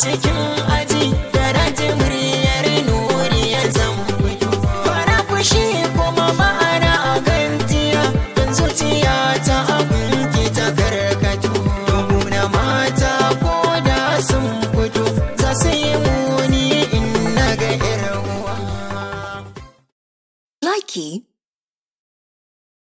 cikin aji darajin muryar nuri ya zama fara kuma ma'ana a gantiya don zuciya ta abinki ta karkatu mata ko da sun fito za su muni in na ga irin wa. Likey.